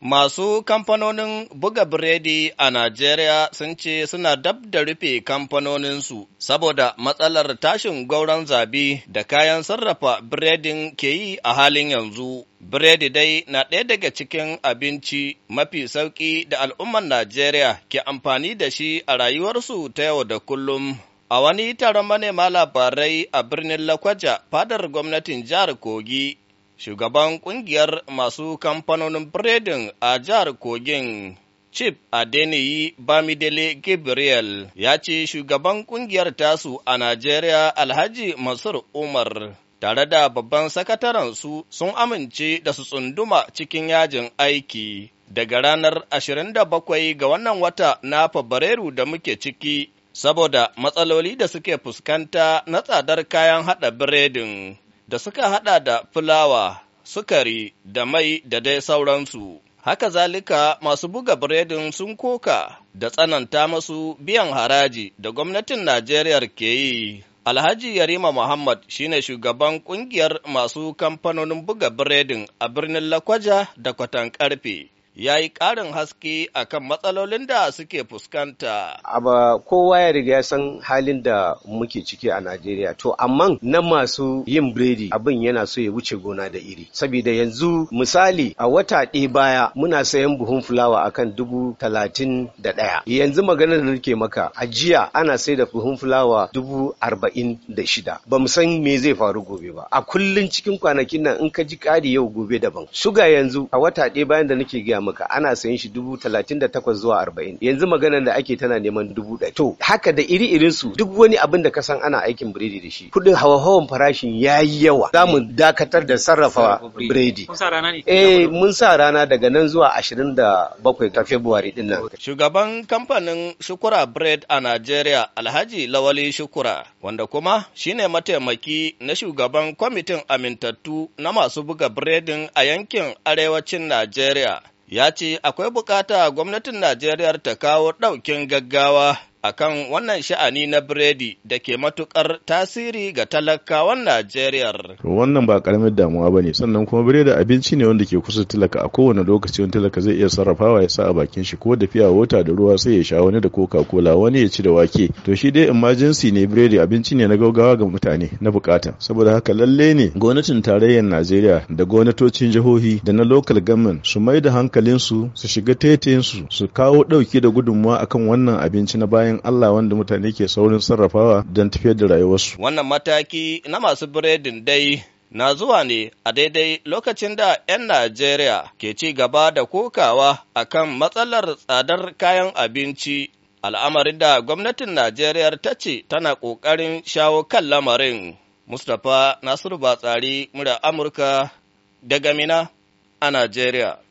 Masu kamfanonin buga biredi a Najeriya sun ce suna dab da rufe kamfanoninsu saboda matsalar tashin gwauron zabi da kayan sarrafa biredin ke yi a halin yanzu. Biredi dai na ɗaya daga cikin abinci mafi sauƙi da al'ummar Najeriya ke amfani da shi a rayuwarsu ta yau da kullum. A wani taron manema labarai a birnin Lakwaja, fadar gwamnatin jihar Kogi, shugaban kungiyar masu kamfanonin biredin a jihar Kogin Chief Adeniyi Bamidele Gabriel ya ce shugaban kungiyar tasu a Najeriya Alhaji Masur Umar tare da babban sakataren su sun amince da su tsunduma cikin yajin aiki daga ranar 27 ga wannan wata na Fabrairu da muke ciki saboda matsaloli da suke fuskanta na tsadar kayan haɗa biredin. da suka haɗa da fulawa, sukari da mai da dai sauransu. Haka zalika masu buga biredin sun koka da tsananta masu biyan haraji da gwamnatin Najeriya ke yi. Alhaji Yarima Muhammad shine shugaban ƙungiyar masu kamfanonin buga biredin a birnin Lakwaja da Kwatan Karfe. ya yi ƙarin haske a kan matsalolin da suke fuskanta. Aba kowa ya riga ya san halin da muke ciki a Najeriya. To amma na masu yin biredi abin yana so ya wuce gona da iri. Saboda yanzu misali a wata ɗaya baya muna sayan buhun fulawa a kan dubu talatin da ɗaya. Yanzu maganar da nake maka a jiya ana sai da buhun fulawa dubu arba'in da shida. Ba mu san me zai faru gobe ba. A kullum cikin kwanakin nan in ka ji ƙari yau gobe daban. Suga yanzu a wata ɗaya bayan da nake gaya muka ana sayan shi dubu talatin da takwas zuwa arba'in yanzu maganar da ake tana neman dubu ɗaya to haka da iri irin su duk wani abin da ka san ana aikin biredi da shi kuɗin hawa-hawan farashin ya yi yawa za mu dakatar da sarrafa biredi eh mun sa rana daga nan zuwa ashirin da bakwai ta february din nan shugaban kamfanin shukura bread a nigeria alhaji lawali shukura wanda kuma shine mataimaki na shugaban kwamitin amintattu na masu buga biredin a yankin arewacin Najeriya ya ce akwai bukata gwamnatin Najeriya ta kawo ɗaukin gaggawa akan wannan sha'ani na biredi da ke matukar tasiri ga talakawan Najeriya. Wannan ba karamin damuwa ba ne, sannan kuma biredi abinci ne wanda ke kusa talaka a kowane lokaci wani talaka zai iya sarrafawa ya sa a bakin shi ko da fiya wata da ruwa sai ya sha wani da koka cola wani ya ci da wake. To shi dai emergency ne biredi abinci ne na gaugawa ga mutane na bukata. Saboda haka lalle ne gwamnatin tarayyar Najeriya da gwamnatocin jihohi da na local government su mai da hankalinsu su shiga taitayinsu su kawo dauki da gudunmuwa akan wannan abinci na bayan bayan Allah wanda mutane ke saurin sarrafawa don tafiyar da rayuwarsu. Wannan mataki na masu biredin dai na zuwa ne a daidai lokacin da 'yan Najeriya ke ci gaba da kokawa a kan matsalar tsadar kayan abinci, al'amarin da gwamnatin Najeriya ta ce tana ƙoƙarin shawo kan lamarin. Mustapha Nasiru Batsari, mura Amurka, daga Mina a Najeriya.